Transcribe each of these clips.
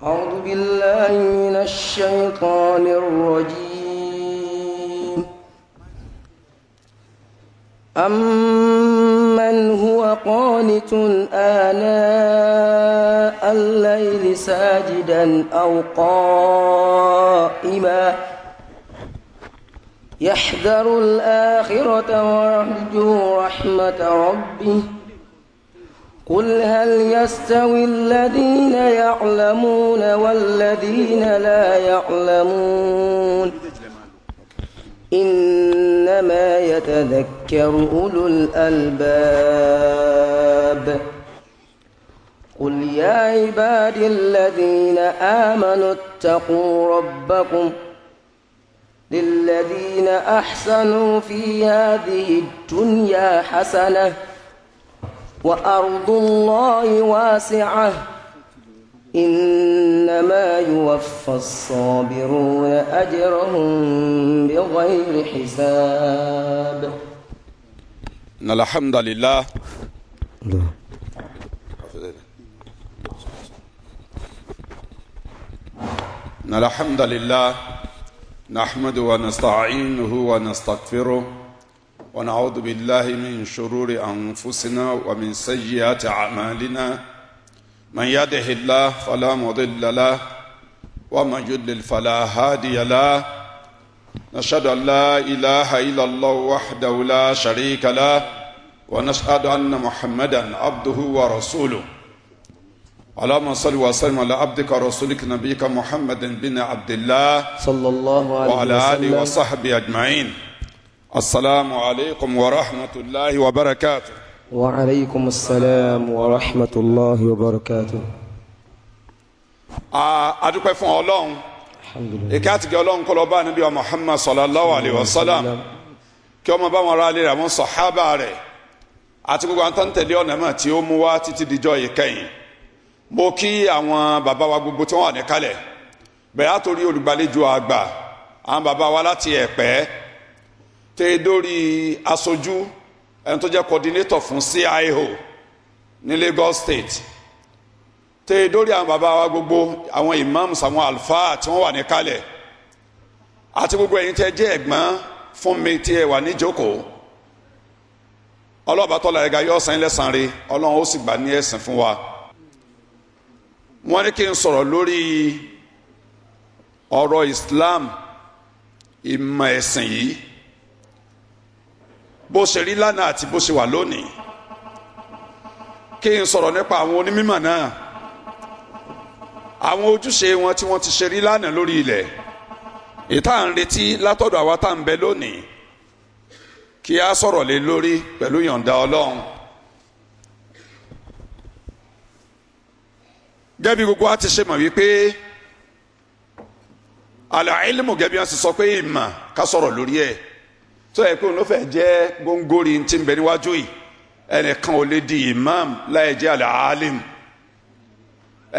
أعوذ بالله من الشيطان الرجيم أمن هو قانت آناء الليل ساجدا أو قائما يحذر الآخرة ويرجو رحمة ربه قل هل يستوي الذين يعلمون والذين لا يعلمون إنما يتذكر أولو الألباب قل يا عباد الذين آمنوا اتقوا ربكم للذين أحسنوا في هذه الدنيا حسنة وأرض الله واسعة إنما يوفى الصابرون أجرهم بغير حساب إن الحمد لله إن الحمد لله نحمد ونستعينه ونستغفره ونعوذ بالله من شرور أنفسنا ومن سيئات أعمالنا من يده الله فلا مضل له ومن يضلل فلا هادي له نشهد أن لا إله إلا الله وحده لا شريك له ونشهد أن محمدا عبده ورسوله اللهم صل وسلم على عبدك ورسولك نبيك محمد بن عبد الله صلى الله عليه وسلم وعلى آله وصحبه أجمعين السلام عليكم ورحمة الله وبركاته وعليكم السلام ورحمة الله وبركاته a dúpẹ́ fún Ọlọ́run ìkẹ́ àti ìgẹ́ Ọlọ́run kó lọ bá Ànábì wa Muhammad sallallahu alayhi wa sallam kí ó máa bá wọn ará ilé rẹ̀ àwọn sàhábà rẹ̀ àti gbogbo àwọn tó ń tẹ̀lé ọ̀nà mọ̀ tí ó mú wá títí dijọ́ ìkẹyìn mo kí àwọn bàbá wa gbogbo tí wọ́n wà níkàlẹ̀ bẹ̀rẹ̀ àtòrí olùgbàlejò àgbà àwọn bàbá wa láti Ẹ̀pẹ́ tẹ dórí aṣojú ẹni tó jẹ́ coordinator fún CIO ní Lagos State tẹ dórí àwọn bàbá wa gbogbo àwọn imams àwọn alfa tí wọ́n wà ní kalẹ̀ àti gbogbo ẹ̀yin tẹ jẹ́ ẹ̀gbọ́n fún mi tí ẹ wà níjókòó ọlọ́ọ̀bá tọ́lá ẹ̀ga yọ ọ̀sán ẹlẹ́sàn re ọlọ́run ó sì gbà ní ẹ̀sìn fún wa wọ́n ní kí n sọ̀rọ̀ lórí ọ̀rọ̀ Islam ìmọ̀ ẹ̀sìn yìí bó ṣe rí lánàá àti bó ṣe wà lónìí kí n sọ̀rọ̀ nípa àwọn onímọ̀ náà àwọn ojúṣe wọn tí wọ́n ti ṣe rí lánàá lórí ilẹ̀ ìta ń retí látọ̀dọ̀ àwa tá à ń bẹ lónìí kí a sọ̀rọ̀ lé lórí pẹ̀lú yọ̀ǹda Ọlọ́run. gẹ́bí gbogbo a ti ṣe mọ̀ wípé àlàílmù gẹ́bí wọn ti sọ pé ìmọ̀ ká sọ̀rọ̀ lórí ẹ̀ tó yẹ kó ló fẹ́ jẹ́ góńgóri ti ń bẹ níwájú yìí ẹnìkan ò lè di imam láì jẹ́ àlẹ́ alim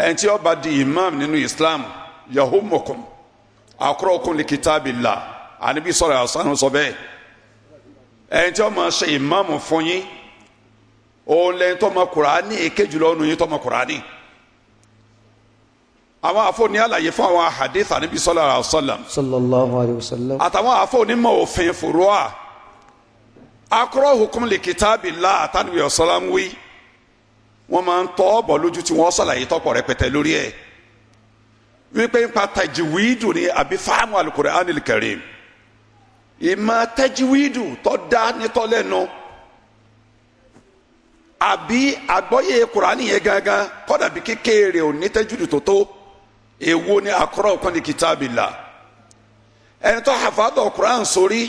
ẹni tí ó di imam nínú islam yahumukum akrọkum li kitabillah àníbi sọ̀rọ̀ àṣàánú sọ bẹ́ẹ̀ ẹni tí ó máa ṣe imam fún yín òun lẹ́yìn tó mọ kùránì èkejì lọ́nu yín tó mọ kùránì àwọn àfọwọ́ni àlàyé fún àwọn ahadith ànábi sallallahu alayhi wa sallam. sallallahu alayhi wa sallam. àtàwọn àfọwọ́ni mọ̀ òfin fòrọ́à akọ́rọ̀ hukum lè kìtàbí la àtàníbi ọ̀sálàm wí wọ́n máa ń tọ́ ọ̀bọ̀ lójú tí wọ́n sàlàyé tọ́pọ̀ rẹpẹtẹ lórí ẹ̀ wípé ń pa tajìwídù ni àbí fáàmù al-Qur'anil karim ìmọ̀ tajìwídù tọ́ da nítọ́lẹ́nu àbí àgbọ́yé Kùránì yẹn gangan kọ́dà kékeré ò ní tó tó èwo ni àkọ́rọ̀ kan ní kìtàbí la ẹni tó hafadọ̀ Quran sórí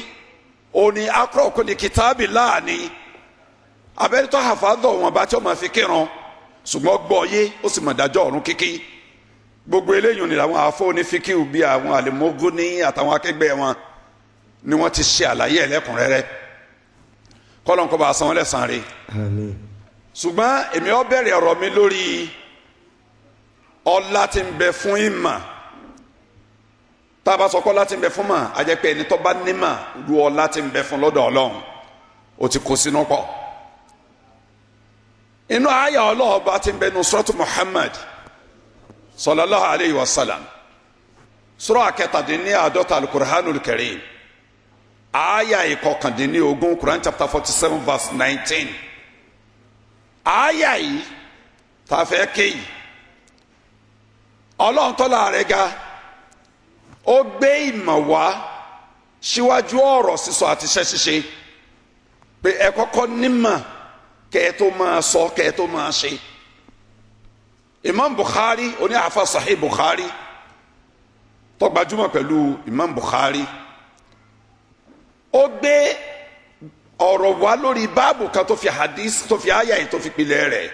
òní àkọ́rọ̀ kan ní kìtàbí la ni abẹ́ni tó hafadọ̀ wọn bá tí ó máa fi kírun ṣùgbọ́n gbọ́ yé ó sì mọ̀ dájọ́ ọ̀run kíkí gbogbo eléyìí ni làwọn afọ onífíkìw bíi àwọn àlèmógúnní àtàwọn akẹgbẹ́ wọn ni wọ́n ti ṣe àlàyé ẹlẹ́kùnrẹ́rẹ́ kọ́lọ́n kó bá a san wọ́n lẹ́san rẹ̀ ṣùgbọ́n èmi ó bẹ̀rẹ̀ ọ̀rọ̀ mi lórí ọlá tí ń bẹ fún ìmọ̀ tá a bá sọ pé ọlá tí ń bẹ fún mà á jẹ́ pé ẹni tó bá nímọ̀ lu ọlá tí ń bẹ fún lọ́dọ̀ ọlọ́run ó ti kó sínú pọ̀ inú àyà ọlọ́ọ̀ba tí ń bẹ nu sọ́tù Muhammad sallallahu alayhi wa sallam sura kẹtàdínláàdọ́ta alukur'anul karim àyà ìkọkàndínlógún Quran chapter forty seven verse nineteen àyà yìí tàfẹ́ kéyìí ọlọ́run tọ́lá rẹ̀ ga ó gbé ìmọ̀ wá síwájú ọ̀rọ̀ sísọ àti iṣẹ́ ṣíṣe pé ẹ kọ́kọ́ nímọ̀ kẹ́ ẹ tó máa sọ kẹ́ ẹ tó máa ṣe Imam Bukhari oní àfa Sahih Bukhari tó gbajúmọ̀ pẹ̀lú Imam Bukhari ó gbé ọ̀rọ̀ wá lórí báàbù kan tó fi hadith tó fi àyà yìí tó fi pilẹ̀ rẹ̀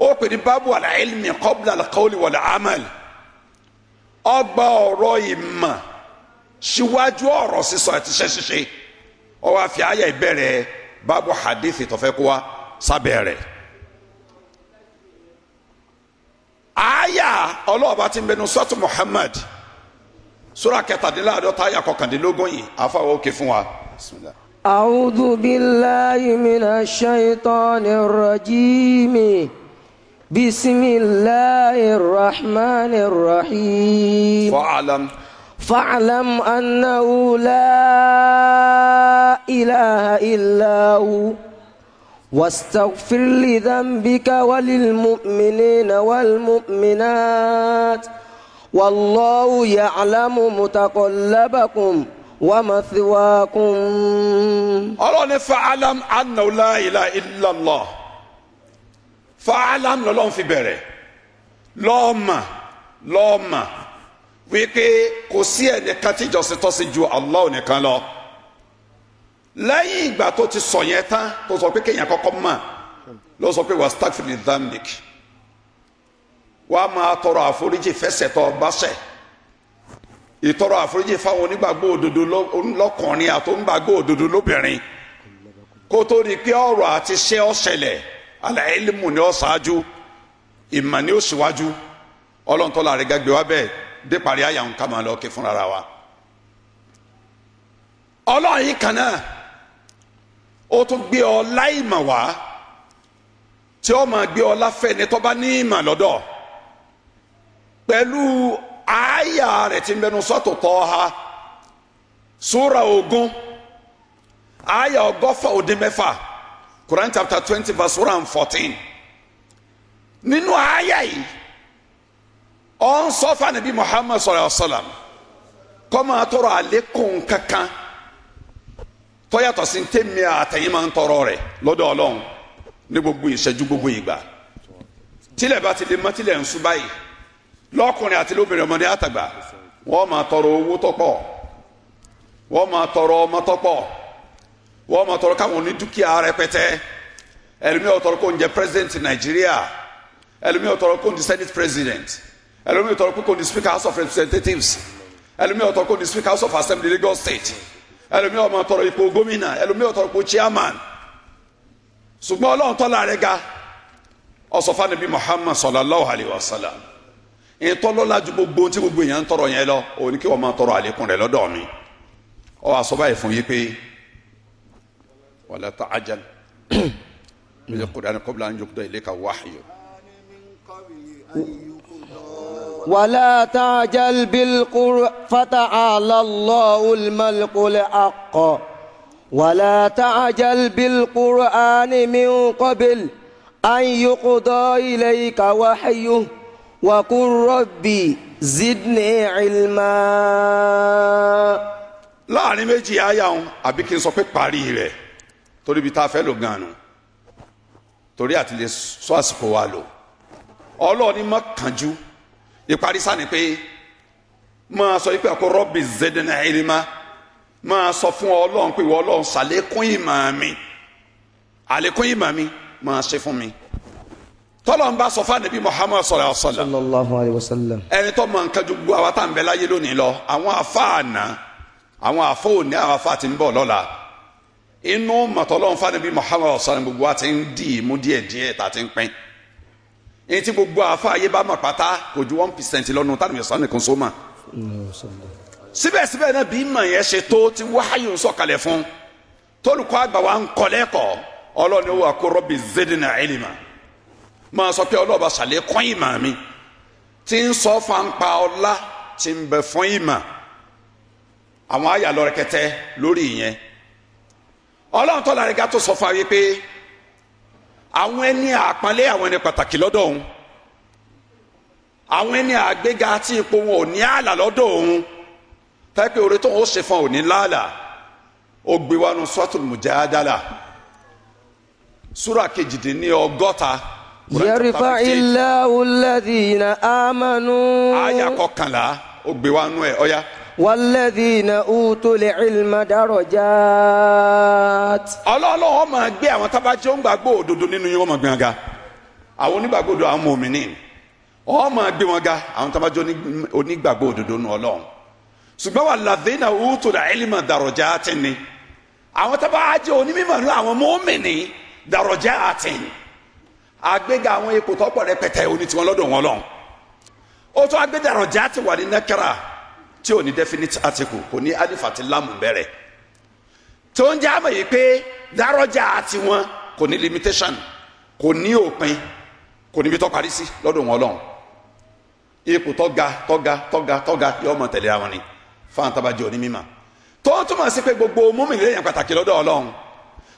ó pè ní bábù al-ilmi qabla al-qawli wal-amal ọgbà ọ̀rọ̀ ìmọ̀ síwájú ọ̀rọ̀ sísọ àti iṣẹ́ ṣíṣe ó wá fi àyà ìbẹ̀rẹ̀ bábù hadithi tó fẹ́ kó wa sábẹ́ rẹ̀ àyà ọlọ́ọ̀bá ti ń bẹnu sọ́tù Muhammad sura kẹtàdínláàdọ́ta àyà kọkàndínlógún yìí àfàwọ̀ òkè fún wa. أعوذ بالله من الشيطان الرجيم بسم الله الرحمن الرحيم فاعلم فاعلم أنه لا إله إلا هو واستغفر لذنبك وللمؤمنين والمؤمنات والله يعلم متقلبكم ومثواكم الله فاعلم أنه لا إله إلا الله fàálàm lọ́lọ́run fi bẹ̀rẹ̀ lọ́ọ̀mà lọ́ọ̀mà wípé kò sí ẹnìkan tí ìjọsìn tọ́ sí ju Allah nìkan lọ lẹ́yìn ìgbà tó ti sọ yẹn tán tó sọ pé kéèyàn kọ́kọ́ mà ló sọ pé wàstagfir li dhambik wàá máa tọrọ àforíjì fẹsẹ̀ tọ́ ọ bá ìtọrọ àforíjì fáwọn onígbàgbọ́ òdodo lọ́kùnrin àti onígbàgbọ́ òdodo lóbìnrin kó tó di pé ọ̀rọ̀ àti ṣe ó alẹ́ẹ̀lìmù ni ọ ṣáájú ìmọ̀ ni ó ṣíwájú ọlọ́ntọ́lá rẹ̀ gẹ́gbẹ́ wa bẹ́ẹ̀ dé parí àyà ń ká máa lọ kí fúnra wa. ọlọ́run yìí kan náà ó tún gbé ọlá ìmọ̀ wá tí ó máa gbé ọlá fẹ́ni tó bá ní ìmọ̀ lọ́dọ̀ pẹ̀lú àyà rẹ̀ tí ń bẹnu sọ́tò tọ́ ha súra ogún àyà ọgọ́fà ó dín mẹ́fà. Quran chapter twenty verse one and fourteen nínú àyà yìí ọ̀n sọ́fà níbi Muhammad sallallahu alaihi wasallam kó máa tọrọ àlékún kankan tó yàtọ̀ sí tèmi àtẹ̀yìn máa ń tọrọ rẹ̀ lọ́dọ̀ Ọlọ́run ní gbogbo ìṣẹ́jú gbogbo ìgbà tílẹ̀ bá ti lè mọ́ tílẹ̀ ń sùn báyìí lọ́kùnrin àti lóbìnrin ọmọdé àtàgbà wọ́n máa tọrọ owó tọ́pọ̀ wọ́n máa tọrọ ọmọ tọ́pọ̀ wọ́n máa tọrọ káwọn ní dúkìá rẹpẹtẹ ẹlòmí ó tọrọ kó ń jẹ president nàìjíríà ẹlòmí ó tọrọ kó ń di senate president ẹlòmí ó tọrọ kó ń di speaker house of representatives ẹlòmí ó tọrọ kó ń di speaker house of assembly lagos state ẹlòmí ó máa tọrọ ipò gómìnà ẹlòmí ó tọrọ chairman ṣùgbọ́n ọlọ́run tọ́lá rẹ̀ ga ọ̀sọ̀fà níbi muhammad sallallahu alayhi wa sallam ìtọ́lọ́lá ju gbogbo tí gbogbo èèyàn ń tọrọ yẹn lọ òun ni kí wọ́n máa tọrọ àlékún rẹ̀ lọ́dọ̀ mi ọ̀ àsọ̀báyé fún yí ولا تعجل من القرآن قبل أن يقضى إليك وحيه ولا تعجل بالقرآن فتعالى الله الملك الحق ولا تعجل بالقرآن من قبل أن يقضى إليك وحيه وقل ربي زدني علما لا méjì ayáhùn àbí kí n sọ pé torí ibi tá a fẹ́ lò gan-an nù torí àti lè sọ àsìkò wa lò ọlọ́ọ̀ni má kánjú ìparí sáà ni pé máa sọ pé àkó rọ́bì zedina ìrìmá máa sọ fún ọlọ́run pé ìwọ ọlọ́run ṣàlékún ìmọ̀ mi àlékún ìmọ̀ mi máa ṣe fún mi tọ́lọ́n bá sọ fún anabi muhammad sallallahu alaihi wasallam ẹni tó máa ń kájú gbogbo àwa tá à ń bẹ láyé lónìí lọ àwọn àfa àná àwọn àfa òní àwọn àfa àti ń bọ̀ lọ́la. inú mọ̀tọ́lọ́hún fàdébí Muhammad ọ̀sán gbogbo ti ń dì í mú díẹ̀díẹ̀ ti ń pín èyí tí gbogbo àfa ayé bá mọ̀ pátá kò ju one percent lọ́nu tá a nìyẹn sọ́ni kan so síbẹ̀síbẹ̀ náà bí yẹn ṣe tó ti wáyò sọ̀kalẹ̀ fún tólùkọ́ àgbà wa ń kọ́ lẹ́kọ̀ọ́ ọlọ́ni rọ́bì máa sọ pé mi ti ń sọ ọlá ti ń bẹ fún àwọn àyà lórí ìyẹn ọlọ́run tọ́lá rẹ̀ ga tó sọ fún wa wípé àwọn ẹni àpọ́nlé àwọn ẹni pàtàkì lọ́dọ̀ òun àwọn ẹni àgbéga tí ipò wọn ò ní ààlà lọ́dọ̀ òun tẹ́pẹ́ orí tóun ó ṣe fún òní láàlà ó gbé wa nu suratul mujadala súrà kejìdínlọ́gọ́ta. yẹrìfà ilẹ̀ ọ̀lẹ́dìínà àmánú. àyà kọkànlá ó gbé wa nu ẹ̀ ọ̀ya. والذين أوتوا العلم درجات. ọlọ́run ó máa gbé àwọn tábà jẹ́ òǹgbàgbọ́ òdodo nínú yín ó máa gbé wọn ga àwọn onígbàgbọ́ òdodo àwọn mòmìnì ó máa gbé wọn ga àwọn tábà jẹ́ onígbàgbọ́ òdodo nínú ọlọ́run ṣùgbọ́n والذين أوتوا العلم درجات ni àwọn tábà jẹ́ onímọ̀ nínú àwọn mòmìnì درجات àgbéga àwọn ipò tọ́pọ̀ rẹpẹtẹ onítìwọn lọ́dọ̀ wọn lọ́hùn ó tún àgbédàrọ̀jà ti wà ní nàkàrà tí ò ní definite article kò ní alif àti lamu bẹ̀rẹ̀ tó ń jẹ́ àmọ̀ yìí pé dárọ́jà àti wọn kò ní limitation kò ní òpin kò níbi tó parí sí lọ́dọ̀ wọn lọ́hùn ipò tọ́ga tọ́ga tọ́ga tọ́ga yóò mọ̀ tẹ̀lé àwọn ni fáwọn tabajẹ́ òní mímọ̀ tó ń túmọ̀ sí pé gbogbo múmìnì lèèyàn pàtàkì lọ́dọ̀ ọlọ́hun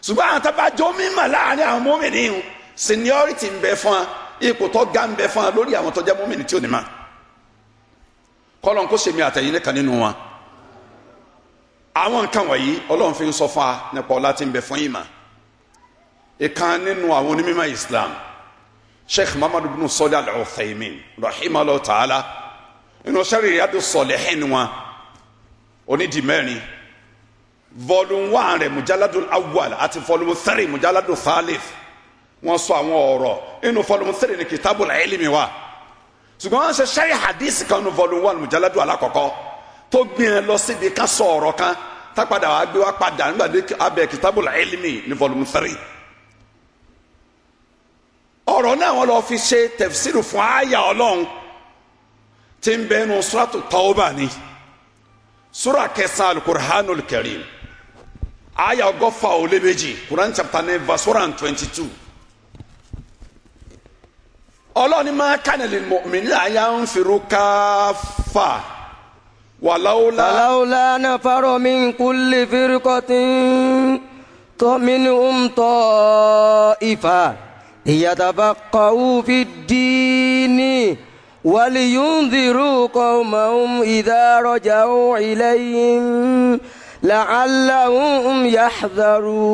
ṣùgbọ́n àwọn tabajẹ́ mímọ̀ láàrin àwọn múmìnì seniority ń bẹ fún ipò tọ́ga ń bẹ fún lórí àwọn tọ́jà múmìnì tí ò ní mọ̀ kọ́lọ́n kó sèmi àtẹ̀yìn nìkan nínú wọn àwọn nǹkan wọ̀nyí ọlọ́run fi ń sọ fún wa nípa ọlá tí ń bẹ fún yìí mà ìkan nínú àwọn onímọ̀ Islam Sheikh Muhammad bin Salih Al-Uthaymin rahimahullah ta'ala inú sẹ́rí Riyadu Salihin wọn onídìí mẹ́rin volume one rẹ̀ mujaladul awwal àti volume three mujaladul thalith wọ́n sọ àwọn ọ̀rọ̀ inú volume three ni kitabul ilmi wa ṣùgbọ́n wọ́n ṣe sẹ́rí hadith kan nu volume one mujalladu alakọ̀kọ́ tó gbìyànjú lọ síbi ká sọ ọ̀rọ̀ kan tápadà wàá gbé wá padà nígbà tí abẹ kitabul ilmi ní volume three ọ̀rọ̀ náà wọ́n lọ fi ṣe tẹ̀fsíìrì fún àyà ọlọ́run tí ń bẹ suratu tawba ni sura kẹsàn alukur'anul karim àyà ọgọ́fà ó Quran chapter nine verse one twenty two. ọlọ́run ní máa kànà lè mọ̀ mí ní àyà ń fèrò káfà wàláwùlá. wàláwùlá náà fárọ̀ mi ń kú lè fèrè kọ́tí tọ́mí ni ó ń tọ́ ìfà koti mi ni n kọ́wù fi dì ní wàlí yóò ń dirú kọ́ mọ̀ ń ìdárọ̀jà ó ilẹ̀ yìí làálàá ń yàhàdàrú.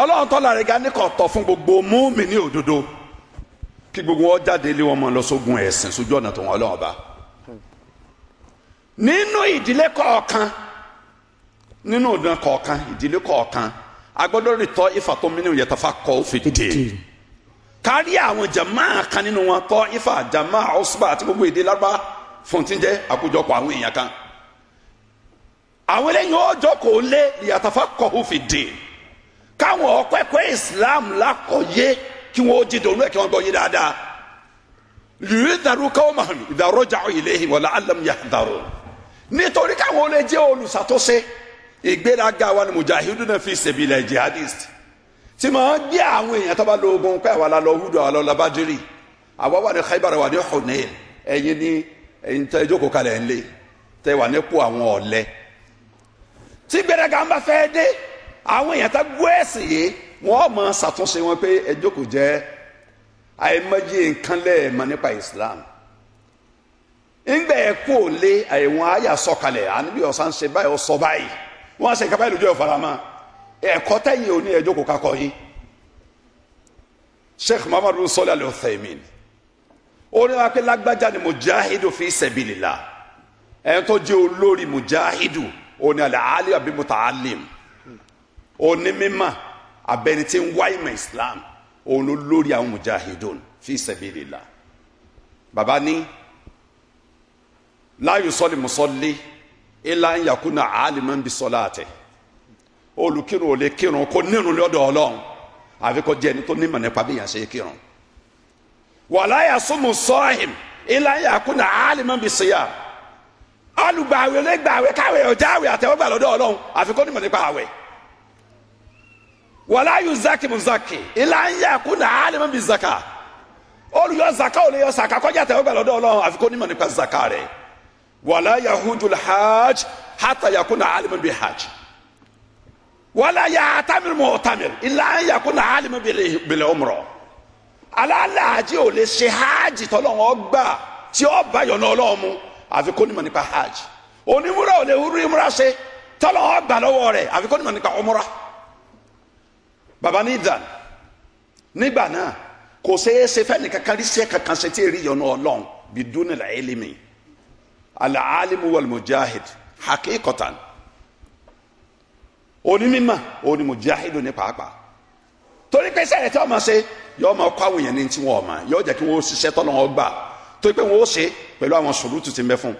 ọlọ́run tọ́lá rẹ̀ ga ní fún gbogbo múmi ní òdodo kí gbogbo wọn jáde lé wọn mọ lọ sógun ẹ̀sìn sójú ọ̀nà tó wọn ọlọ́run bá nínú ìdílé kọ̀ọ̀kan nínú ìdílé kọ̀ọ̀kan ìdílé kọ̀ọ̀kan agbọ́dọ̀ tọ́ kan nínú wọn tọ́ ifá àti gbogbo fún ti jẹ́ àkójọpọ̀ àwọn èèyàn kan àwọn eléyìí ó lé káwọn ọkọ ẹ̀kọ́ islam lákọ̀ọ́yé kí wọ́n ó dìde olú ẹ̀ kí wọ́n gbọ́ yé dáadáa lùdàrú qawmahum idha raja'u ilayhim wa la'allahum yahdharun nítorí káwọn olè jẹ́ olùṣàtúnṣe ìgbéraga wa ni mujahiduna fi sabilillah jihadist tí màá gbé àwọn èèyàn tó bá lo ogun pé àwa la lọ húdù àwa lọ la Badiri àwa wà ní Khaybar wà ní Hunain ẹ̀yin ní ẹ̀yin tẹ́ jókòó kalẹ̀ ńlẹ̀ tẹ́ wà nípò àwọn ọ̀lẹ tí gbéraga ń bá fẹ́ dé àwọn èèyàn tá gbọ́ ẹ̀sìn yìí wọ́n mọ ṣàtúnṣe wọn pé ẹjọ́ kò jẹ́ àìmọye nǹkan lẹ́ẹ̀mọ́ nípa Islam ńgbà ẹ̀ kú ò lé àìwọ̀n àyà sọ̀kalẹ̀ àníbi ọ̀sán ṣe báyìí ó sọ báyìí wọ́n ṣe nǹkan báyìí lójú ọ̀farama ẹ̀kọ́ tẹ̀yìn òní ẹjọ́ kò kakọ̀ yìí Sheikh Muhammadu Salih Al-Uthaymin ó pé lágbájá ni mujahidu fi sabilillah ẹni tó jẹ́ olórí mujahidu òní àlẹ́ àlẹ́ àbí muta'allim onímọ̀ abẹni tí ń wá ìmọ̀ islam òun ló lórí àwọn mujahidun fi sabilillah bàbá ní la yusalli musalli illa an yakuna aliman bi salatihi olùkírun ò lè kírun kó nírun lọ́dọ̀ ọlọ́run àfi kó jẹ́ ẹni tó nímọ̀ nípa bí yàn ṣe kírun wala yasumu sahim illa an yakuna aliman bi siyam alùgbàwé lẹ́gbàwé káwé ọjà àwẹ̀ àtẹ̀wọ́gbà lọ́dọ̀ àfi kó nímọ̀ nípa àwẹ̀ wàlá yóò zaki mu zaki ilà ń yà kú nà álimu bi zaka olùyọ zaka ò lè yọ zaka kọjá tẹ ọgbà lọ́dọ̀ Ọlọ́run àfi kó nímọ̀ nípa zaka rẹ wàlá yahujul hajj hata yà kú nà álimu bi hajj wàlá yà tamil mu tamil ilà ń yà kú nà álimu bi lè umrọ alálàájì ò lè ṣe hajj tọ́lọ́wọ́n gbà tí ó bá yọ̀nà Ọlọ́run mu àfi kó nímọ̀ nípa hajj onímúra ò lè wúrú ìmúra ṣe tọ́lọ́wọ́n gbà lọ́wọ́ rẹ̀ àfi kó nípa umrah baba ní ìdàn nígbà náà kò ṣeé ṣe fẹ́ni kankan rí ṣe kankan ṣe tí èrè yọnu ọlọ́run bí dúnilà ẹlẹ́mì alaalimu walmujahid hakikotan onímọ̀ onímujahid ní pàápàá torí pé sẹ́yìn tí wọ́n máa ṣe yọ ọmọ ọkọ àwọn èèyàn ní tí wọ́n máa yọ jẹ́ kí wọ́n ṣiṣẹ́ tọ́lọ́ wọn gbà torí pé wọ́n ó ṣe pẹ̀lú àwọn sùrùtù tí ń bẹ fún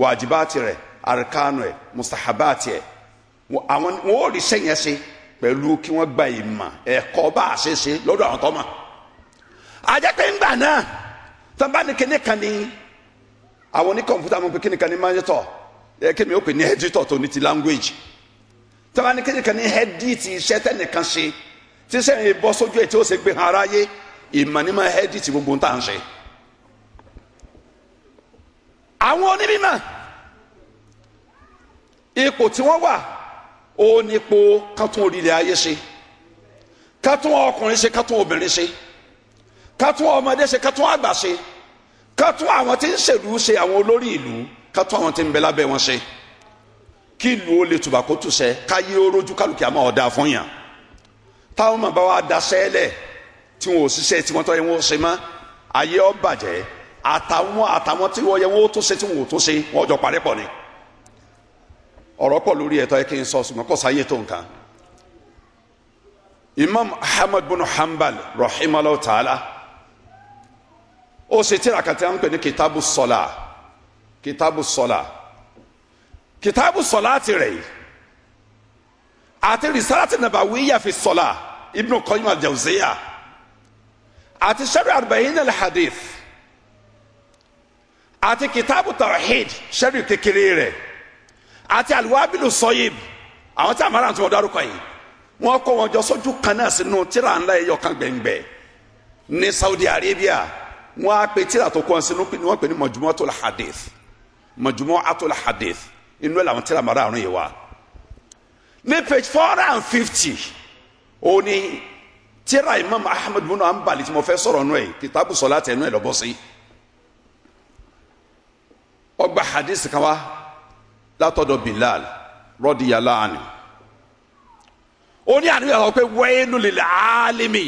wàjibáàtì rẹ̀ àríkánu ẹ̀ mustahabaàtì ẹ̀ wọ́n rí sẹ́yìn ẹ̀ ṣe pẹ̀lú kí wọ́n gba ìmọ̀ ẹ̀kọ́ bá a ṣe ṣe lọ́dọ̀ àwọn tó mọ̀ àjẹpẹ́ ńgbà náà tó bá ní kíní kan ní àwọn ní kọ̀ǹpútà mọ̀ pé kíní kan ní mánítọ̀ ẹ kí mi ó pè ní ẹ́dítọ̀ tó ní ti language tó bá ní kíní kan ní ẹ́dítì iṣẹ́ tẹ́nìkan ṣe tí sẹ́yìn bọ́ sójú ẹ̀ tí ó ṣe gbé hàn aráyé ìmọ̀ ní máa ẹ́dítì gbogbo ń tà ń ṣe àwọn onímọ̀ ipò tí wọ́n wà ó nípo kátún orílẹ̀ ayé ṣe kátún ọkùnrin ṣe kátún obìnrin ṣe kátún ọmọdé ṣe kátún àgbà ṣe kátún àwọn tí ń ṣèlú ṣe àwọn olórí ìlú kátún àwọn tí ń bẹ lábẹ́ wọn ṣe kí ìlú ó lè tùbà kó tùṣẹ káyé ó rójú kálukì àmọ́ ọ̀dà fún yàn táwọn màbá wa daṣẹ́ lẹ̀ tí wọn ò ṣiṣẹ́ tí wọ́n tọ́ yẹn wọ́n ṣe mọ́ ayé ó bàjẹ́ àtàwọn àtàwọn tí wọ́n yẹ wọ́n tó ṣe tí wọ́n ò tó ṣe wọ́n jọ parẹ́ pọ̀ ni ọ̀rọ̀ pọ̀ lórí ẹ̀tọ́ yẹ kí n sọ ṣùgbọ́n kò sáyé tó nǹkan imam ahmad bin hanbal rahimahu ta'ala ó ṣe tíra kàtí à ń pè ní kitabu sọlá kitabu sọlá kitabu sọlá ti rẹ̀ yìí àti risalati nabawiyya fi sọlá ibnu qayyim al àti sharh arba'in al-hadith àti kitabu tawhid sharh kékeré rẹ̀ àti àlùwábìlù sọyìn àwọn tí àmàlà tí wọn dárúkọ yìí wọn kó wọn jọ sójú kan náà sínú tíra ńlá ẹyọ kan gbẹngbẹ ní Saudi Arabia wọn á pe tíra tó kọ sínú ni wọn pè ní mọjúmọ tó la hadith mọjúmọ àtó la hadith inú ẹ làwọn tíra màrà àrùn yìí wá ní page four and fifty òní tíra Imam Ahmad bin Hanbal tí mo fẹ́ sọ̀rọ̀ nù ẹ̀ kìtàbù sọ̀lá tẹ̀ nù ẹ̀ lọ́bọ̀ sí ọgbà hadith kan wá látọ̀dọ̀ Bilal rọ́díyàlá àná ó ní àníyàn sọ pé wẹ́ẹ́nu lè alimi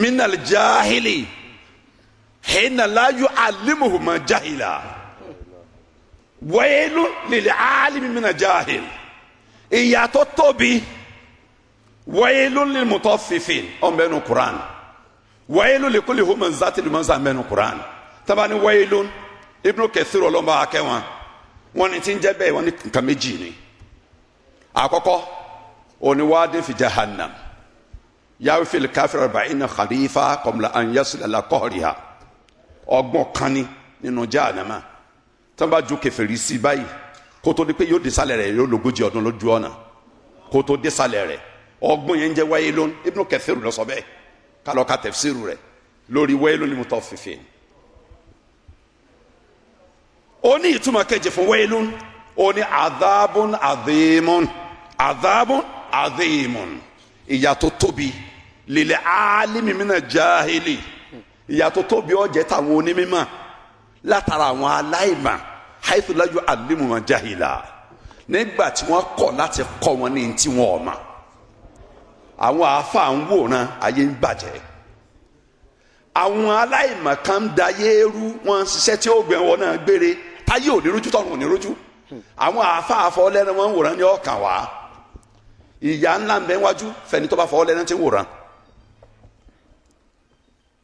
minal jahili hina láyò alimuhuma jahila wẹ́ẹ́nu lè alimi minal jahil ìyàtọ̀ tóbi wẹ́ẹ́nu lè mutọ́ fífin ọ̀nbẹ́nu Quran wẹ́ẹ́nu lè kó lè homo nzati lè mọ́ nzà mẹ́nu Quran tábà wẹ́ẹ́nu Ibnu Kathir ọlọ́mọba akẹ́wọ̀n wọ́n ní tí ń jẹ́ bẹ́ẹ̀ wọ́n ní nǹkan méjì ni àkọ́kọ́ oníwádìí fi jahannam yàrá fìlì káfíńrà bàyìnà khalifa kọ̀mùlà ànyásílẹ̀lá la ọgbọ́n kan ni nínú jahannama tí wọ́n bá ju kẹfẹ́rì sí báyìí kó tó di pé yóò désàlẹ̀ rẹ̀ yóò lógójì ọdún lójú ọ̀nà kó tó désàlẹ̀ rẹ̀ ọgbọ́n yẹn ń jẹ́ wáyé lónìí ibùdó kẹfẹ́rù lọ́sọ bẹ́ẹ̀ kálọ́ka tẹ̀fsíìrù rẹ̀ lórí wáyé lónìí mú tọ́ fìfìn Oni ní ìtumọ̀ kejì fún wailun ó ní adhabun adhimun adhabun adhimun ìyà tó tóbi lil alimi mina jahili ìyà tó tóbi ó jẹ́ tàwọn onímọ̀ látara àwọn aláìmọ̀ haythu la yu'allimu man jahila nígbà tí wọ́n kọ̀ láti kọ́ wọn ní ti wọn ọ̀ma àwọn àáfà ń wòran ayé ń bàjẹ́ àwọn aláìmọ̀ kan ń dayé rú wọn ṣiṣẹ́ tí ó gbẹ̀wọ̀n náà gbére táyé ò ní rújú tọ̀run ò ní rújú àwọn àfáàfọ lẹ́nu wọn ń wòran ní ọkàn wá ìyá ńlá ń bẹ wájú fẹ́ni tó bá fọ lẹ́nu ti ń wòran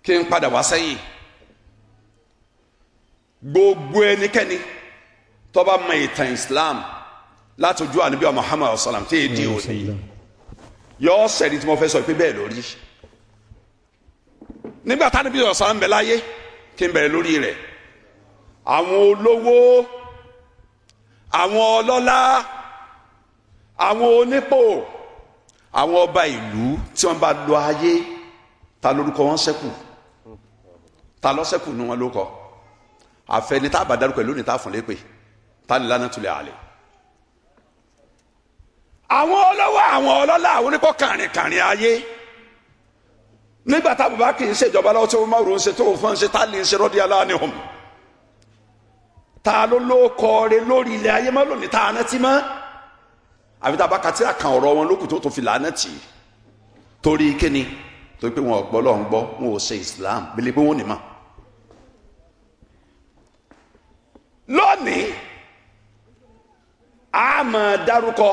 kí n padà wá sẹ́yìn gbogbo ẹnikẹ́ni tó bá mọ ìtàn Islam láti ojú àníbíyà Muhammad ọ̀sán tí èdè òní yọ sẹ́ni tí mo fẹ́ sọ pé bẹ́ẹ̀ lórí nígbà táníbíyà ọ̀sán ń bẹ láyé kí n bẹ̀rẹ̀ lórí rẹ̀ àwọn olówó àwọn ọlọ́lá àwọn onípò àwọn ọba ìlú tí wọ́n bá lọ ayé ta lórúkọ wọn ṣẹ́kù ta ló ṣẹ́kù nu wọn ló kọ àfẹni tá a bá dárúkọ lónìí tá a fún lépè tá a lè lánàá tulẹ̀ àlè àwọn olówó àwọn ọlọ́lá àwọn onípò kàrìnkàrìn ayé nígbà tá a bàbá kì í ṣèjọba lọ́wọ́ tí wọ́n máa rò ń ṣe tó fọ́n ṣe tá a lè ṣe rọ́dí aláàánú hàn ta ló ló kọ re lórí ilẹ̀ ayé mọ́ lónìí ta anáti mọ́ àfi tá a bá ka tíra kan ọ̀rọ̀ wọn lókùn tó tó fi lànà torí kíni torí pé wọn ò gbọ́ lọ́n gbọ́ wọn ò ṣe Islam bílẹ̀ pé wọn ò ní mọ̀ lónìí a máa dárúkọ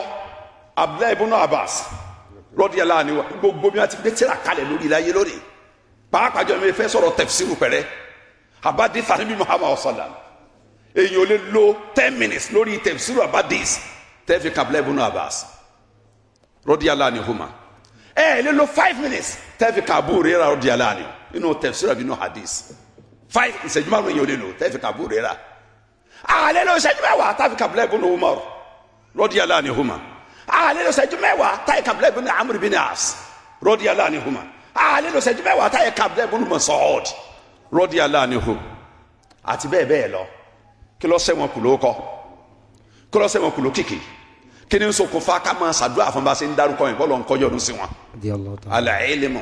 Abdullahi ibn Abbas radiyallahu anhu gbogbo bí wọn ti gbé tíra kalẹ̀ lórí ilẹ̀ ayé lónìí pàápàá jọ mi fẹ́ sọ̀rọ̀ tafsiru pẹ̀rẹ́ abadisa níbi Muhammadu sallam èyàn ò lè lo ten minutes lórí tafsiru abadis tẹ́fì kabla ibùnú abas radiyallahu anhuma ẹ ẹ lè lo five minutes tẹ́fì kabu rira radiyallahu anhu inú tafsiru abinú hadis five ìṣẹ́jú márùn èyàn ò lè lo tẹ́fì kabu rira àlẹ́ lọ ìṣẹ́jú mẹ́wàá tẹ́fì kabla ibùnú umar radiyallahu anhuma àlẹ́ lọ ìṣẹ́jú mẹ́wàá tẹ́fì kabla ibùnú amr bin as radiyallahu anhuma àlẹ́ lọ ìṣẹ́jú mẹ́wàá tẹ́fì kabla ibùnú mas'ud radiyallahu anhu àti bẹ́ẹ̀ bẹ́ẹ̀ lọ kí ló sẹ́wọ̀n kù ló kọ́ kí ló sẹ́wọ̀n kù ló kìkì kí ni ṣokùnfà ká máa ṣàdúrà fún bá ṣe ń dárúkọ yẹn bọ́lọ̀ ń kọjọ́ ọdún sí wọn. al-ilmu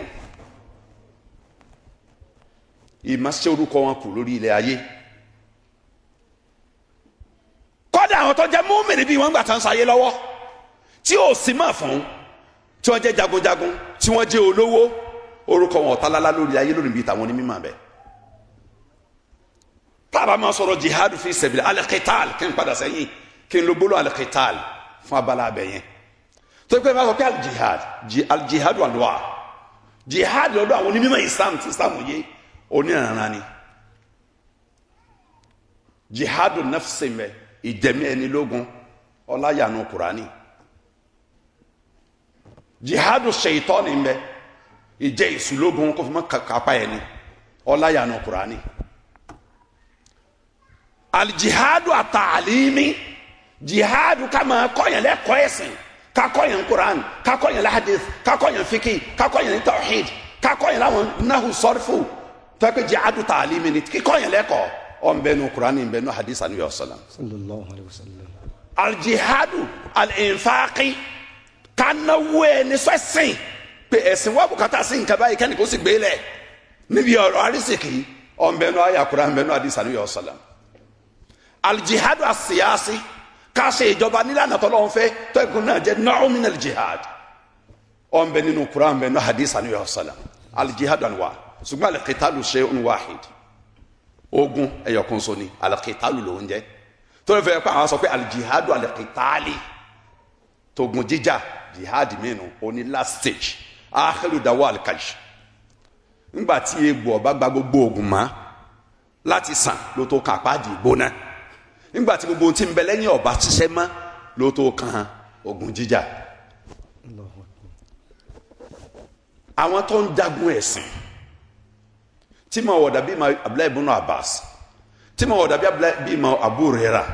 ìmọ̀ṣẹ́ orúkọ wọn kù lórí ilẹ̀ ayé kọ́dà àwọn tó jẹ́ múmìnì bíi wọ́n gbà tán sáyé lọ́wọ́ tí ò sí mọ̀ fún tí wọ́n jẹ́ jagunjagun tí wọ́n jẹ́ olówó orúkọ wọn ọ̀tá lórí ayé lónìí bíi tàwọn onímọ̀ bẹ́ẹ̀ tábà máa sọ̀rọ̀ jihad fi sẹ̀bìlì alẹ́kẹ́tàl kí n padà sẹ́yìn kí n lo gbólóhùn alẹ́kẹ́tàl fún abala abẹ yẹn tó pé bá sọ pé aljihad aljihad wà lọ́wọ́ jihad lọ́dọ̀ àwọn onímọ̀ islam ti islam yé onírànran ni jihad nafsi mẹ ìjẹ̀mí ẹni lógun ọláyànú kùránì jihad ṣèyítọ́ ni mẹ ìjẹ́ ìsúlógun kó fún mọ́ kápá ẹni ọláyànú kùránì alijihadu ataalimi jihadu kama kọ́yàn lẹ́kọ́ ẹ̀sìn ká kọ́yàn quran ká kọ́yàn lahadith ká kọ́yàn fiki ká kọ́yàn tawhid ká kọ́yàn láwọn nahu sọrifu tẹpẹ jihadu taalimi ni kí kọ́yàn lẹ́kọ́ ọ̀n bẹ́ẹ̀ nu quran ń bẹ́ẹ̀ nu hadith anu yọ̀sọ̀lá. alijihadu alinfaaki kanawo ẹni sẹ́sìn pé ẹ̀sìn wà bùkátà sí nǹkan báyìí kẹ́ni kó sì gbé lẹ̀ níbi ọ̀rọ̀ arísìkì ọ̀n bẹ́ẹ̀ nu ayakura ń alijihadu asiyaasi ká ṣe ìjọba nílànà tọ́lọ́run fẹ́ tọ́ẹ̀kùn náà jẹ́ nọ́ọ̀mìnà alijihad ọ̀n bẹ nínú kuran bẹ nínú hadith anu yàrá sálà alijihadu anuwa ṣùgbọ́n alikitalu ṣe ń wáhid ogun ẹ̀yọ̀kan so ni alikitalu ló ń jẹ́ tọ́lọ́ fẹ́ pa àwọn sọ pé alijihadu alikitali togun jíjà jihad mìíràn oní last stage akhiru dawa alikaji ńgbà tí egbò ọba gba gbogbo ogun mọ́ láti sàn ló tó kàpá dìgbò náà. nígbà tí gbogbo ohun tí ń bẹ lẹ́yìn ọba ṣiṣẹ́ mọ́ ló tó kan ogun jíjà àwọn tó ń jagun ẹ̀sìn tí mo wọ̀ dàbí Abdullahi ibn Abbas tí mo wọ̀ dàbí Abdullahi ibn Abu Hurairah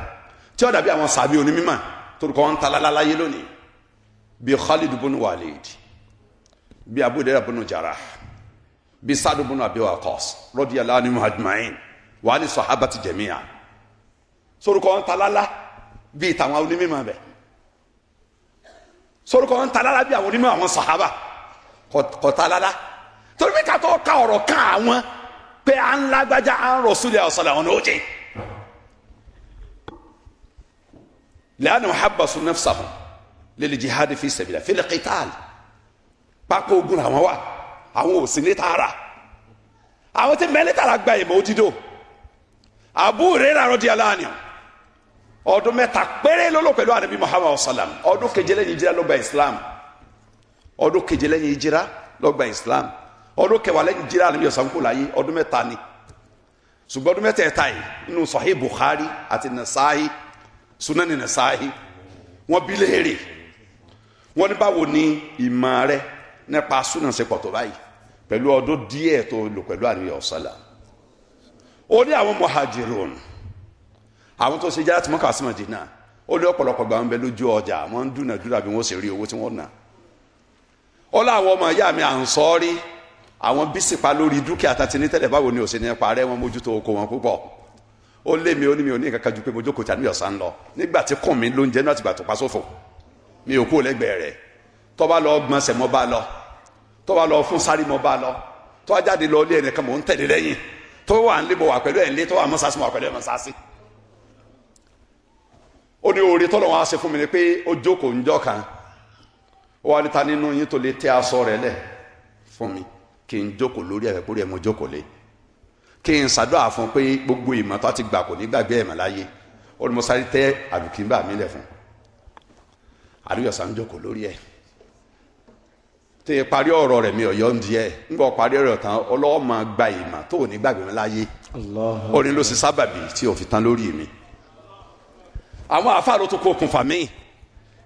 tí ó dàbí àwọn sàbí onímọ̀ torúkọ wọn ń talala láyé lónìí bí Khalid ibn Walid bí Abu Hurairah ibn Jarrah bí Sa'd ibn Abi Waqqas radiyallahu anhum ajma'in wa ali sahabati jami'an sorúkọ ń találá bíi tàwọn onímọ̀ bẹ̀ sorúkọ ń találá bíi àwọn onímọ̀ àwọn sàhábà kọ̀ találá torí pé kàtọ́ ka ọ̀rọ̀ kan àwọn pé à ń lágbájá à ń Rasulullah ọ̀sọ̀lẹ̀ àwọn ọ̀nà òjì lẹ́yìn habasu nafsahu lil jihad fi sabilillah fil qital pápá ogun làwọn wà àwọn ò sí ní tààrà àwọn tí mẹ́lẹ́tàrà gba ìmọ̀ òdìdó àbúrò rẹ̀ rà rọ́dí aláàánú ọdún mẹ́ta péré ló lò pẹ̀lú anabi muhammad salam ọdún keje lẹ́yìn ìjira ló gba islam ọdún keje lẹ́yìn ìjira ló gba islam ọdún kẹwàá lẹ́yìn ìjira anabi ọ̀sánwó láyé ọdún mẹ́ta ni ṣùgbọ́n ọdún mẹ́tẹ̀ẹ̀ta yìí nínú sahih bukhari àti nasahi sunani nasahi wọ́n bi léèrè wọ́n ní báwo ni ìmọ̀ rẹ nípa sunan ṣe pọ̀ tó báyìí pẹ̀lú ọdún díẹ̀ tó lò pẹ̀lú anabi ọ̀sánwó ó ní àwọn muhajirun àwọn tó ṣe jáde tí wọ́n kà sí mọ̀dínà ó ní ọ̀pọ̀lọpọ̀ gbà wọn bẹ lójú ọjà wọ́n ń dúnàdúrà bí wọ́n ṣe rí owó tí wọ́n ná ó láwọn ọmọ ìyá mi à ń sọ ọ́ rí àwọn bísípa lórí dúkìá tá ti ní tẹ́lẹ̀ báwo ni òsè ní ipa rẹ̀ wọ́n mójútó oko wọn púpọ̀ ó lé mi ó ní mi ò ní nǹkan kan ju pé mo jókòó tàbí ọ̀sán lọ nígbà tí kùn mi ló ń jẹ́ náà tìgbà tó pa sófò mi ò kú lẹ́gbẹ̀ẹ́ rẹ̀ tó bá lọ gbọ̀nsẹ̀ mo bá lọ tó bá lọ fún sáré mo bá lọ tó bá jáde lọ ilé ẹnìkan mò ń tẹ̀lé lẹ́yìn tó wà ń lé wà pẹ̀lú ẹ̀ ń lé tó wà mọ́sásí wà pẹ̀lú ẹ̀ mọ́sásí ó ní oore tọ́lọ̀ wọn á ṣe fún mi ni pé ó jókòó ń jọ́ kan ó wá níta nínú yín tó lè tẹ́ aṣọ rẹ̀ lẹ̀ fún mi kí n jókòó lórí ẹ̀fẹ̀ kórè mo jókòó lé kí n ṣàdúrà fún pé gbogbo ìmọ̀ tó a ti gbà kò ní gbàgbé ẹ̀mọ̀ láyé ó ní mo sáré tẹ́ àdùkínbà mi lẹ̀ fún àdúyọ̀sá ń jókòó lórí ẹ̀ tí ẹ parí ọ̀rọ̀ rẹ̀ mi ọ̀yọ́ ń di ẹ̀ ńgbà parí ọ̀rọ̀ tán ọlọ́wọ́ máa gba ìmọ̀ tó ò ní gbàgbé mi láyé ó ní ló ṣe sábàbí tí ò fi tán lórí mi àwọn àfáà ló tún kó okùnfà míì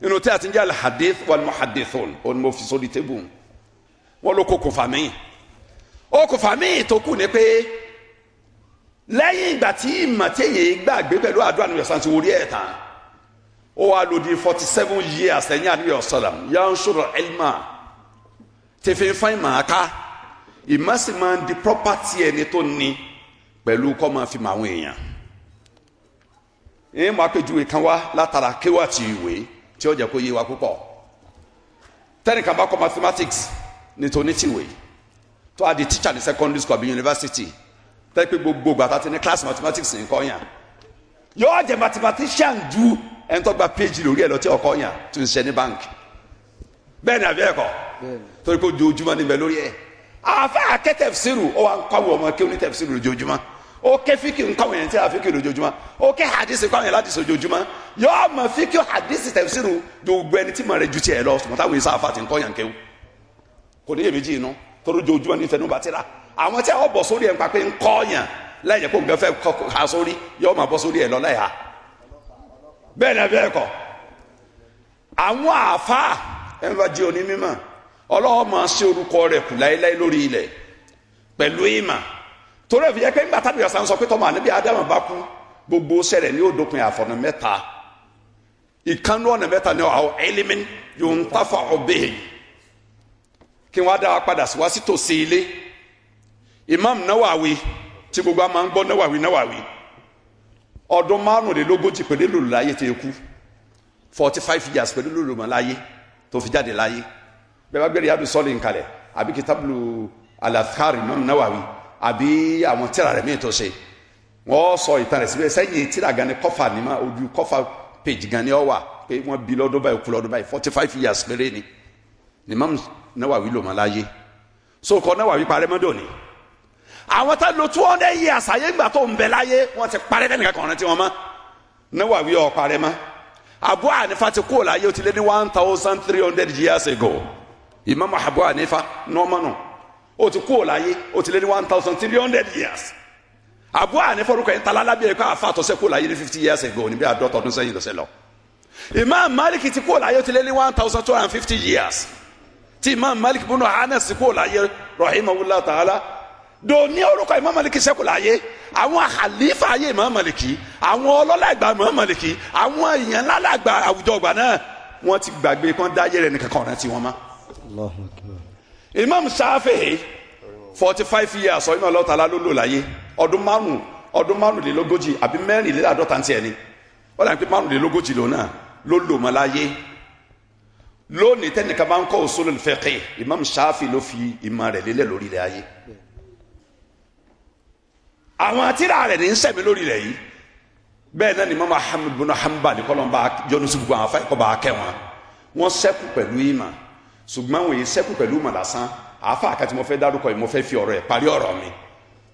nínú tí a ti ń jẹ́ alhadith walmuhadithun òun mo fi sórí tébù wọn ló kó okùnfà míì okùnfà míì tó kù ni pé lẹ́yìn ìgbà tí ìmọ̀ gbàgbé pẹ̀lú àdúrà ní ọ̀sán ti wọlé ẹ̀ tán ó wá lò forty seven years ẹ̀yìn àdúrà ọ̀sán yansuru elma tẹ̀fẹ̀ fain màáká ìmọ̀ sì máa ń di property ẹni tó ní pẹ̀lú kọ́ máa fi mọ èèyàn ẹ eh, mọ àpèjúwe kan wá látara kéwà ti ìwé tí ó jẹ́ kó yé wa púpọ̀ tẹnìkan bá kọ́ mathematics ní tóní tìwé tó a di teacher ní secondary school àbí university tẹ́ pé gbogbo gbàtà ti ní class mathematics ní kọ́ yàn yóò jẹ́ mathematician ju ẹni tó gba péjì lórí ẹ̀ lọ́tí ọkọ yàn tó ń ṣe ní bank bẹ́ẹ̀ ni àbí ẹ̀kọ́ torí pé ojoojúmọ́ níbẹ̀ lórí ẹ̀ àfẹ́ àkẹ́tẹ̀fsirù ó wà ń kọ́ àwọn ọmọ kéwọ́n ní tẹ̀fsirù lójoojúmọ́ ó ké fíkì nǹkan wọ̀nyẹn tí a fíkì lójoojúmọ́ ó ké hadisi nǹkan wọ̀nyẹn láti sòjoojúmọ́ yóò mọ fíkì hadisi tẹ̀síìrù gbogbo ẹni tí mo rẹ ju tiẹ̀ lọ sùmọ́tà wòye sáfà ti ń kọ́ yàn kéwù kò ní èméjì inú torí ojoojúmọ́ ní fẹnubà tíra àwọn tí a bọ̀ sórí ẹ̀ ń pa pé ń kọ́ yàn láyẹ̀ kó nǹkan fẹ́ ha sórí yóò máa bọ́ sórí ẹ̀ lọ láyà ha bẹ́ẹ̀ náà bẹ́ẹ̀ kọ́ àwọn àáfàá ẹ̀ ń bá jẹ́ onímọ̀ ọlọ́wọ́ máa ṣe orúkọ rẹ̀ kù láéláé lórí ilẹ̀ pẹ̀lú ìmọ̀ torí ẹ̀ fi jẹ́ pé nígbà tábìlì ọ̀sán sọ pé tọ́mọ àníbi ádámù bá kú gbogbo sẹ́rẹ̀ ní òdòpin àfọ̀nà mẹ́ta ìkánú ọ̀nà mẹ́ta ni àwọn ẹlẹ́mìn yóò ń tàfà ọ̀bẹ yìí kí wọ́n á dá wa padà sí wá sí tòsí ilé Imam Nawawi tí gbogbo a máa ń gbọ́ Nawawi Nawawi ọdún márùnlélógójì pẹ̀lú lòlù láyé tó kú forty five years pẹ̀lú lòlù mọ́ láyé tó fi jáde láyé bẹ́ẹ̀ bá gbé Riyadu Salihin kalẹ̀ àbí kìtàbùlù al Imam Nawawi àbí àwọn tíra rẹ̀ míì tó ṣe wọ́n sọ ìtàn rẹ̀ síbẹ̀ sẹ́yìn tíra gan ni kọ́fà ní ma ojú kọ́fà page gan ni ọ wà pé wọ́n bí lọ́dún báyìí kú lọ́dún báyìí forty five years péré ni ni Imam Nawawi lò mọ́ láyé so kọ́ Nawawi parẹ́ mọ́dọ̀ ni àwọn tá lo two hundred years àyè gbà tó ń bẹ láyé wọ́n ti parẹ́ tẹ́nìkan kan rántí wọn mọ́ Nawawi ọ̀ parẹ́ mọ́ Abu Hanifa ti kú láyé ó ti lé ní one thousand three hundred years ago Imam Abu Hanifa nọ́ọ̀mọ́nù. No, O ti kú òláyé o ti lé ní one thousand three hundred years àbú ànífọ̀rúkọ yẹn találá bí ẹ̀kọ́ àfa àtọ̀sẹ̀ kú òláyé ní fifty years ago níbi àdọ́tọ̀ ọdún sẹ́yìn lọ́sẹ̀ lọ. Imam Malik ti kú òláyé o ti lé ní one thousand two hundred and fifty years tí Imam Malik bunu Anas ti kú òláyé rahimahullah ta'ala dòní orúkọ Imam Malik sẹ́kù láyé àwọn àlífà ayé Imam Malik àwọn ọlọ́lá ìgbà Imam Malik àwọn èèyàn lálàgbà àwùjọ ìgbà náà wọ́n ti gbàgbé kán dáyé rẹ̀ nìkan kan rántí imam shafi'i forty five years ọ̀yìn náà lọ́ta la ló lò láyé ọdún márùn ọdún márùnlélógójì àbí mẹ́rìnléláàdọ́ta ti ẹ̀ ni wọ́n dà pé márùnlélógójì lòun náà ló lò mọ́ láyé lónìí tẹ́nìkan bá ń kọ́ usulul fiqh imam shafi'i ló fi ìmọ̀ rẹ̀ lélẹ̀ lórí rẹ̀ ayé àwọn àtìrà rẹ̀ ní ń sẹ̀mí lórí rẹ̀ yìí bẹ́ẹ̀ náà ni mama ahmed bin hanbal kọ́lọ́n bá jọ́nu sí gbogbo àwọn afáìkọ́ bá kẹ́ wọn wọ́n sẹ́kù pẹ̀lú ìmọ̀ ṣùgbọ́n òye sẹ́kù pẹ̀lú mọ̀ lásán àáfà àkàtì mo fẹ́ dárúkọ yìí mo fẹ́ fi ọ̀rọ̀ ẹ̀ parí ọ̀rọ̀ mi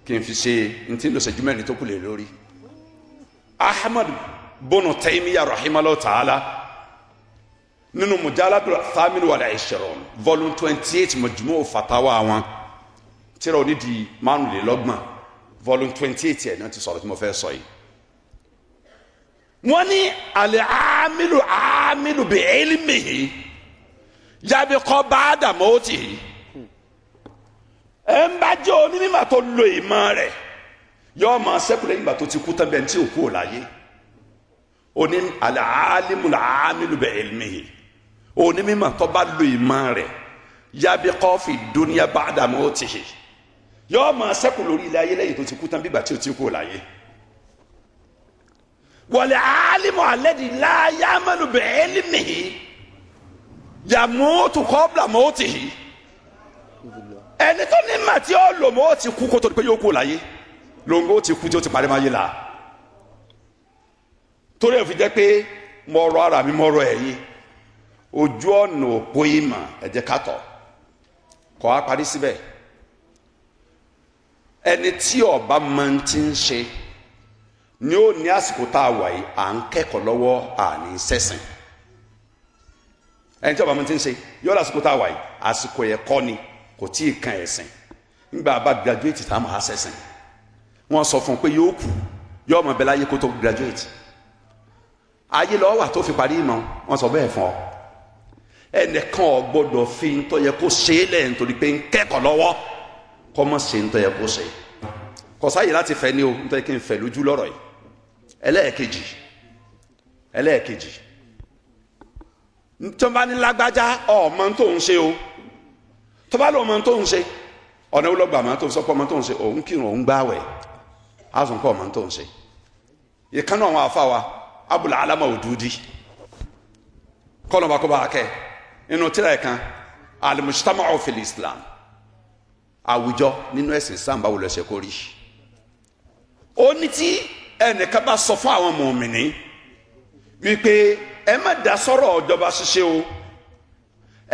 kí n fi ṣe n ti lọ ṣẹ́jú mẹ́rin tó kù lè lórí. Ahmad bọ́nà Taymiya rahimahu ta'ala nínú mujalladu thamin wal ishron volume twenty eight majmu' fatawa wọn tíra onídìí márùnlélọ́gbọ̀n volume twenty eight ẹ̀ náà ti sọ̀rọ̀ tí mo fẹ́ sọ yìí wọ́n ní alẹ́ amilu amilu bi ilmihi yàbí kọ́ bá àdàmọ́ ó tì í ẹ ń bá jẹ́ onímọ̀ tó lo ìmọ̀ rẹ̀ yọ ọmọ sẹ́kùlẹ̀ ìgbà tó ti kú tán bẹ́ẹ̀ tí ò kú ò láyé oní aláàlímù làámìlú bẹ̀ ẹ̀lmìhì onímọ̀ tó bá lo ìmọ̀ rẹ̀ yàbí kọ́ fi dúníà bá àdàmọ́ ó tì í yọ ọmọ sẹ́kùlẹ̀ orí ilẹ̀ ayé lẹ́yìn tó ti kú tán bí ìgbà tí ti kú ò láyé wọlé alimọ̀ alẹ́ di láyàmẹ́lú bẹ̀ ẹ̀lmìhì yàmútu kọ́bla mọ́tì yìí ẹni tó ní mà tí ó lò mọ́ ó ti kú kó tó di pé yóò kú láyé lóńgbò ti kú tí ó ti parí máa yé la torí ẹ̀ fi jẹ́ pé mo rọ ara mi mo rọ ẹ̀yin ojú ọ̀nà òpó ìmọ̀ ẹ̀jẹ̀ kàtọ̀ kọ́ á parí síbẹ̀ ẹni tí ọba máa ń ti ń ṣe ni ó ní àsìkò tá a wà yìí à ń kẹ́kọ̀ọ́ lọ́wọ́ à sẹ́sìn ẹni tí ọba mi ti ń ṣe yọ lásìkò tá a wà yìí àsìkò ẹ̀kọ́ ni kò tí ì kan ẹ̀sìn nígbà bá graduate tá a máa ṣẹ̀sìn wọ́n sọ fún un pé yóò kù yọ ọmọ bẹ́ẹ̀ láyé kó tó graduate ayé lọ́wọ́ wà tó fi parí ìmọ̀ wọ́n sọ bẹ́ẹ̀ fún ọ ẹnìkan ò gbọ́dọ̀ fi ń tọ́ yẹ kó ṣe é lẹ̀ nítorí pé ń kẹ́kọ̀ọ́ lọ́wọ́ kọ́ mọ̀ ṣe ń tọ́ yẹ kó ṣe kọ̀sáyè láti fẹ́ ni o nítorí kí n fẹ́ lójú lọ́rọ̀ yìí ẹlẹ́ẹ̀kejì ẹlẹ́ẹ̀kejì tó bá ní lágbájá ọmọ tó ń ṣe o tó bá lọ ọmọ tó ń ṣe ọ̀nà olóògbà ọmọ tó ń sọpọ̀ ọmọ tó ń ṣe òun kírun òun gbáwẹ̀ azùnkọ́ ọmọ tó ń ṣe ìkànnì àwọn afáwa abúlé alámà òdúdí kọ́nà bàkọ́ bá kẹ́ inú tíra ẹ̀kan alimusitama ọ̀fẹ́lẹ̀ islam àwùjọ nínú ẹ̀sìn islam báwo lọ kó rí ó ní tí ẹnìkan bá sọ fún àwọn mọ̀mìnì wípé ẹ má dá sọ́rọ̀ ọ̀jọba ṣíṣe o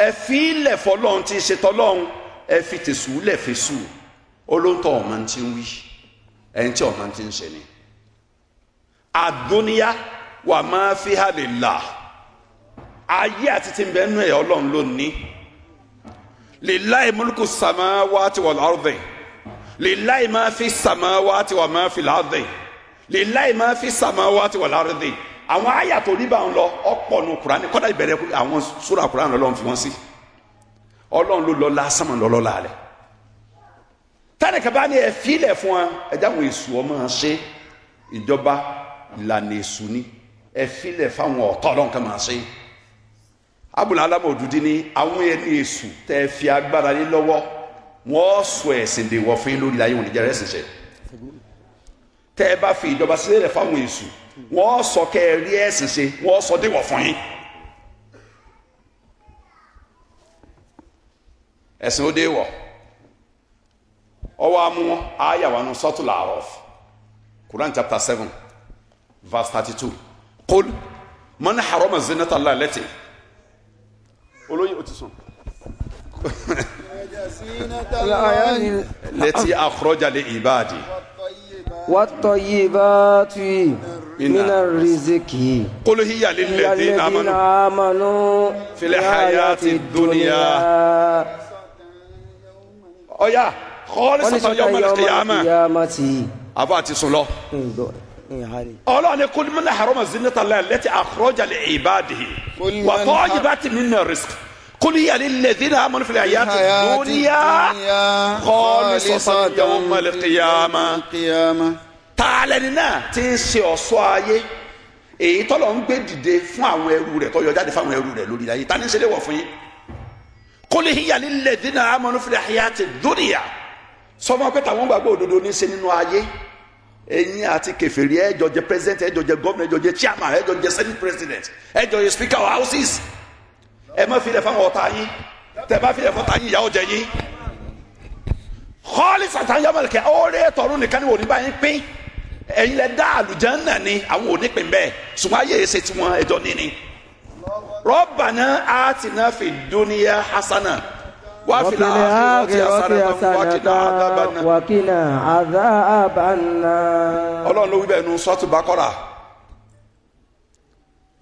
ẹ fi ilẹ̀ fọlọ́run tí ń ṣe tọ́lọ́run ẹ fi tèṣù lẹ̀ fèṣù olóńtọ̀ ọ̀mọ ti ń wí ẹni tí ọ̀mọ ti ń ṣe ni àdúnyá wà máa fi hà lè là ayé àti ti ń bẹ nú ẹ ọlọ́run ló ní lillahi mulku samawati wal ardi lillahi máa fi samawati wà máa fi làárẹ̀ lillahi máa fi samawati wal ardi àwọn àyà tó rí bá ń lọ ọ̀pọ̀ nu kùránì kọ́dà ìbẹ̀rẹ̀ àwọn sóra kùránì lọ́lọ́run fi wọ́n sí ọlọ́run ló lọ la sánmà lọ́lọ́ la rẹ̀ tani kaba ni ẹ filẹ̀ fún wa ẹ̀dá wo èṣù ọmọ ṣe ìjọba ìlànà èṣù ni ẹ filẹ̀ fáwọn ọ̀tọ̀ ọlọ́run kan máa ṣe abúlé alámọ̀dúdí ni àwọn ẹni èṣù tẹ́ ẹ fi agbára lé lọ́wọ́ wọ́n sọ ẹ̀sìn dèwọ̀ fún yín lórí ayé òní jẹ́rẹ́ ẹ̀sìn ṣe tẹ́ ẹ bá fi ìjọba sílẹ̀ fáwọn èṣù wọ́n sọ kẹ́ ẹ rí ẹ̀sìn ṣe wọ́n sọ déwọ̀ fún yín. ẹ̀sìn ó déwọ̀ ọwọ́ amú wọn ayà wà nù sọ́tùlà àròf Quran chapter seven verse thirty two kol mọ́nà haroma zinata Allah lẹ́tì olóyè ó ti sùn. lẹ́tì àkọ́rọ́jà lè ìbáàdì. wàtọ̀ yìí bá tì í. من, إيه من الرزق قل هي للذين آمنوا, في الحياة الدنيا أويا خالصة يوم القيامة يوم أباتي صلاة الله أن يقول من حرم الزنة الله التي أخرج لعباده وطيبات من الرزق قل هي للذين آمنوا في الحياة الدنيا, الدنيا خالصة يوم القيامة. taalẹni náà ti ń ṣe ọ̀ṣọ́ ayé èyí tọ́lọ̀ ń gbé dìde fún àwọn ẹrú rẹ̀ tọ́yọ jáde fún àwọn ẹrú rẹ̀ lórí ayé ta ni ṣe lè wọ̀ fún yín kólé hiya lílẹ̀ dínà amọ̀nù fìlẹ̀ hiya ti dúnìyà sọmọ pé tàwọn gbàgbọ́ òdodo ní ṣe nínú ayé ẹ̀yin àti kẹfìrí ẹjọ jẹ president ẹjọ jẹ governor ẹjọ jẹ chairman ẹjọ jẹ senate president ẹjọ jẹ speaker of houses ẹ má filẹ̀ fáwọn ọ̀tá yín tẹ bá filẹ̀ fọ́tá yín ìyà ó jẹ yín kọ́lí sàtàn yamọ̀lẹ̀kẹ́ ọ̀rẹ́ tọ̀run nìkan ni wò ní báyìí pín ẹ̀yin lẹ dá àlùjánnà ni àwọn ò ní pín bẹ́ẹ̀ ṣùgbọ́n ayé ẹsẹ tiwọn ẹjọ níní Rabbana atina fid dunya hasana wa fil akhirati hasana wa qina adhaban nar. Ọlọ́run ló wí bẹ́ẹ̀ nu sọ́ọ̀tù Baqara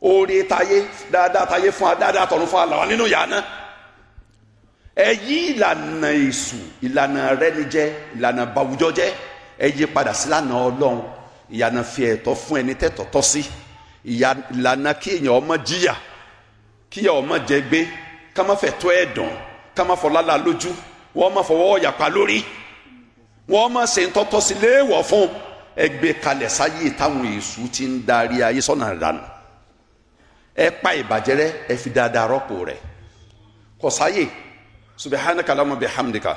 oore tayé dáadáa tayé fún wa dáadáa tọ̀run fún wa làwọn nínú yàrá náà ẹ ìlànà èṣù ìlànà rẹ jẹ ìlànà bàwùjọ jẹ ẹ yí padà sí ìlànà Ọlọ́run ìyànà fi ẹ̀tọ́ fún ẹni tẹ́tọ́ tọ́ sí ìlànà kí èèyàn ọmọ jìyà kí èèyàn ọmọ jẹ gbé ká má fẹ̀tọ́ ẹ̀ dàn ká má fọlá la lójú wọ́n má fọwọ́ yàpá lórí wọ́n má ṣe tọ́tọ́ sí léèwọ̀ fún ẹgbẹ́ kalẹ̀ sáyé táwọn èṣù ti ń darí ayé sọ́nà ìdánù ẹ pa ìbàjẹ́ rẹ ẹ fi dáadáa rọ́pò rẹ kò sáyé subhanaka allahumma bihamdika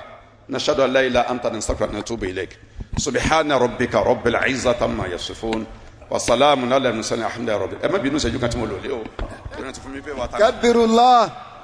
nashadu alayla anta nastaghfiruka wa natubu ilayk subhana rabbika rabbil izzati amma yasifun wasalaamu ala musalli alhamdulilayi rabbil ẹ má bínú sẹ́jú kan tí mo lò lé o. kabiru la.